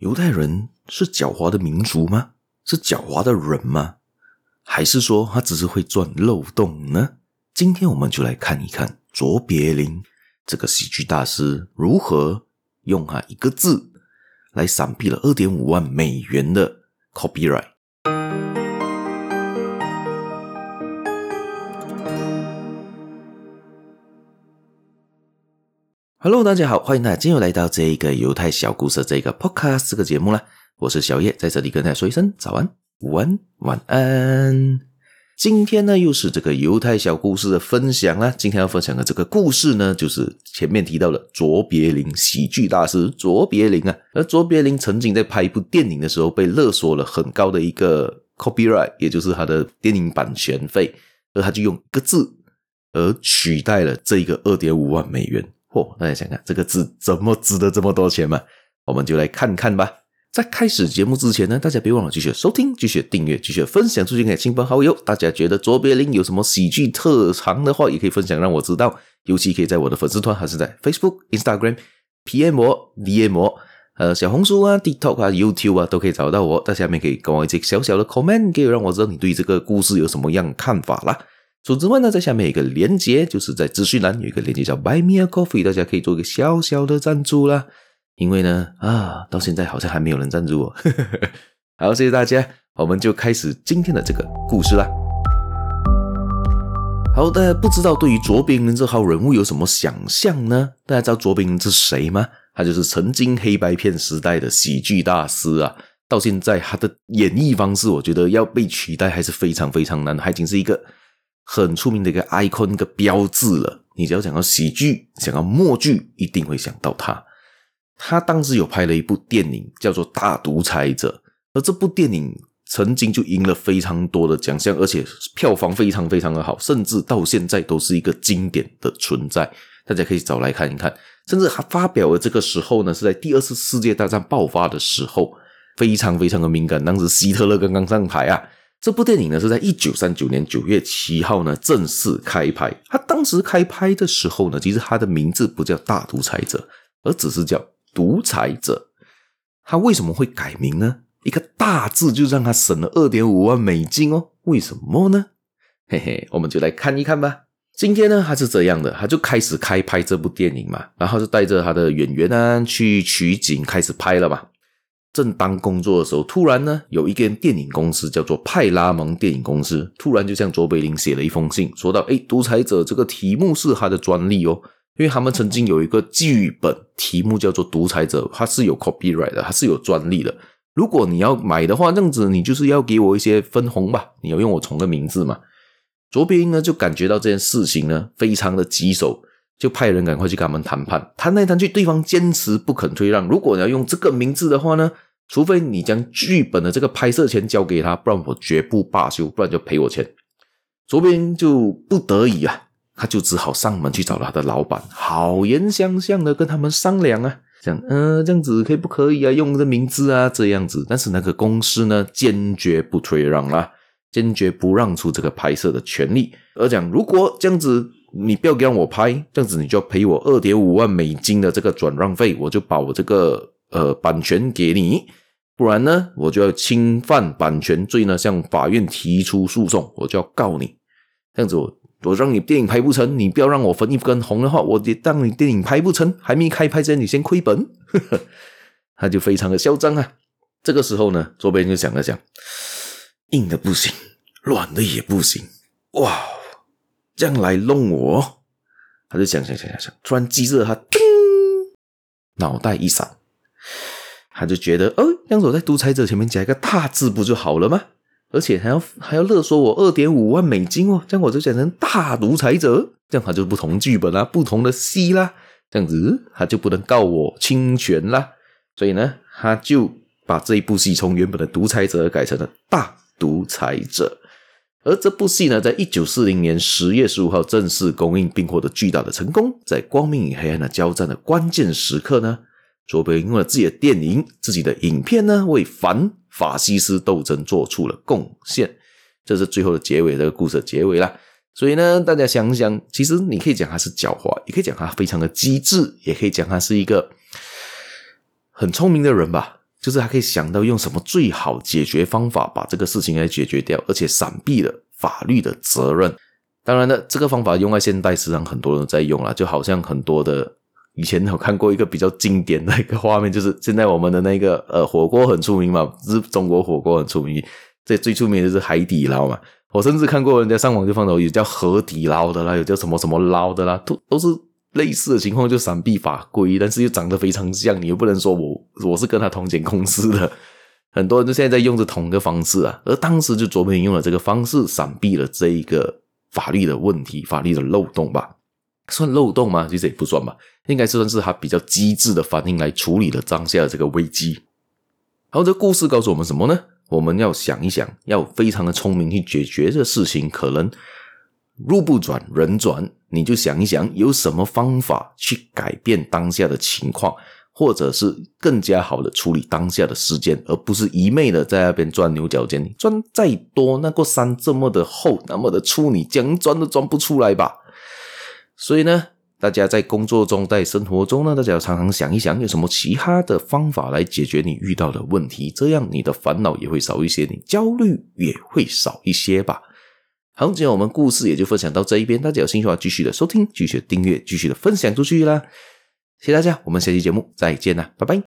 猶太人是狡猾的民族嗎？是狡猾的人嗎？還是說他只是會鑽漏洞呢？今天我們就來看一看卓別林這個喜劇大師如何用他一個字來閃避了二點五萬美元的 copyright。哈嘍，Hello，大家好，歡迎大家今天又來到這個猶太小故事的這個 podcast 這個節目啦。我是小葉，在這裡跟大家說一聲早安、午安、晚安。今天呢，又是這個猶太小故事的分享啦，今天要分享的這個故事呢，就是前面提到的卓別林喜劇大師卓別林啊。而卓別林曾經在拍一部電影的時候，被勒索了很高的一個 copyright，也就是他的電影版權費，而他就用一個字而取代了這一個二點五萬美元。哦，大家想想，這個字怎麼值得這麼多錢嘛？我們就來看看吧。在開始節目之前呢，大家別忘了繼續收聽、繼續訂閱、繼續分享，出去給親朋好友。大家覺得卓別林有什麼喜劇特長的話，也可以分享讓我知道。尤其，可以在我的粉絲團，還是在 Facebook、Instagram、PM 我、DM 我，呃，小紅書啊、TikTok 啊、YouTube 啊，都可以找到我。大家下面可以給我一些小小的 comment，可以讓我知道你對這個故事有什麼樣的看法啦。除此之外呢，在下面有一個連接，就是在資訊欄有一個連接叫 Buy Me a Coffee，大家可以做一個小小的贊助啦。因為呢，啊，到現在好像還沒有人贊助我呵 好，謝謝大家，我們就開始今天的這個故事啦。好，大家不知道對於卓別林這號人物有什麼想象呢？大家知道卓別林是誰嗎？他就是曾經黑白片時代的喜劇大師啊。到現在他的演繹方式，我覺得要被取代還是非常非常難的，還僅是一個。很出名的一個 icon 一個標誌了。你只要講到喜劇，想到默劇，一定會想到他。他當時有拍了一部電影叫做《大獨裁者》，而這部電影曾經就贏了非常多的獎項，而且票房非常非常的好，甚至到現在都是一個經典的存在。大家可以找來看一看。甚至他發表的這個時候呢，是在第二次世界大戰爆發的時候，非常非常的敏感。當時希特勒剛剛上台啊。這部電影呢，是在一九三九年九月七號呢正式開拍。他當時開拍的時候呢，其實他的名字不叫《大獨裁者》，而只是叫《獨裁者》。他為什麼會改名呢？一個“大”字就讓他省了二點五萬美金哦。為什麼呢？嘿嘿，我們就來看一看吧。今天呢，他是這樣的，他就開始開拍這部電影嘛，然後就帶着他的演員啊，去取景開始拍了嘛。正當工作的時候，突然呢，有一間電影公司叫做派拉蒙電影公司，突然就向卓別林寫了一封信，說到：“哎，獨裁者這個題目是他的專利哦，因為他們曾經有一個劇本題目叫做《獨裁者》，它是有 copyright 的，它是有專利的。如果你要買的話，這樣子你就是要給我一些分紅吧，你要用我重個名字嘛。”卓別林呢就感覺到這件事情呢非常的棘手，就派人趕快去跟他們談判，談來談去，對方堅持不肯退讓。如果你要用這個名字的話呢？除非你將劇本的這個拍攝權交給他，不然我絕不罷休，不然就賠我錢。卓別林就不得已啊，他就只好上門去找他的老闆，好言相向的跟他們商量啊，講，呃，這樣子可以不可以啊？用我的名字啊，這樣子。但是那個公司呢，堅決不退讓啊，堅決不讓出這個拍攝的權利，而講，如果這樣子你不要讓我拍，這樣子你就要賠我二點五萬美金的這個轉讓費，我就把我這個。呃，版權給你，不然呢，我就要侵犯版權罪呢，向法院提出訴訟，我就要告你。這樣子我，我我讓你電影拍不成，你不要讓我分一根紅的話，我得讓你電影拍不成，還沒開拍之前你先虧本。呵呵。他就非常的囂張啊。這個時候呢，卓別林就想了想，硬的不行，軟的也不行，哇，這樣來弄我。他就想想想想想，突然機智，他叮，腦袋一閃。他就覺得，哦，這樣我在“獨裁者”前面加一個“大”字不就好了嗎？而且還要還要勒索我二點五萬美金哦，這樣我就講成“大獨裁者”，這樣他就不同劇本啦、啊，不同的戲啦，這樣子他就不能告我侵權啦。所以呢，他就把這一部戲從原本的“獨裁者”改成了“大獨裁者”。而這部戲呢，在一九四零年十月十五號正式公映，並獲得巨大的成功。在光明與黑暗的交戰的關鍵時刻呢，卓別林用了自己的電影、自己的影片呢，為反法西斯鬥爭做出了貢獻。這是最後的結尾，這個故事的結尾啦。所以呢，大家想一想，其實你可以講他是狡猾，也可以講他非常的機智，也可以講他是一個很聰明的人吧。就是他可以想到用什麼最好解決方法把這個事情來解決掉，而且閃避了法律的責任。當然了，這個方法用在現代市場很多人在用了，就好像很多的。以前我看過一個比較經典的一個畫面，就是現在我們的那個呃火鍋很出名嘛，是中國火鍋很出名。這最出名的就是海底撈嘛。我甚至看過人家上網就放的有叫河底撈的啦，有叫什麼什麼撈的啦，都都是類似的情況，就閃避法規，但是又長得非常像，你又不能說我我是跟他同間公司的。很多人就現在在用着同一個方式啊，而當時就卓別林用了這個方式閃避了這一個法律的問題、法律的漏洞吧。算漏洞嗎？其實也不算吧，應該是算是他比較機智的反應來處理了當下的這個危機。好，這個故事告訴我們什麼呢？我們要想一想，要非常的聰明去解決這個事情。可能路不轉人轉，你就想一想有什麼方法去改變當下的情況，或者是更加好的處理當下的時間，而不是一昧的在那邊鑽牛角尖。你鑽再多，那個山這麼的厚，那麼的粗，你想鑽都鑽不出來吧。所以呢，大家在工作中，在生活中呢，大家要常常想一想，有什麼其他的方法來解決你遇到的問題，這樣你的煩惱也會少一些，你焦慮也會少一些吧。好，今天我們故事也就分享到這一邊，大家有興趣的話，繼續的收聽，繼續的訂閱，繼續的分享出去啦。謝謝大家，我們下期節目再見啦，拜拜。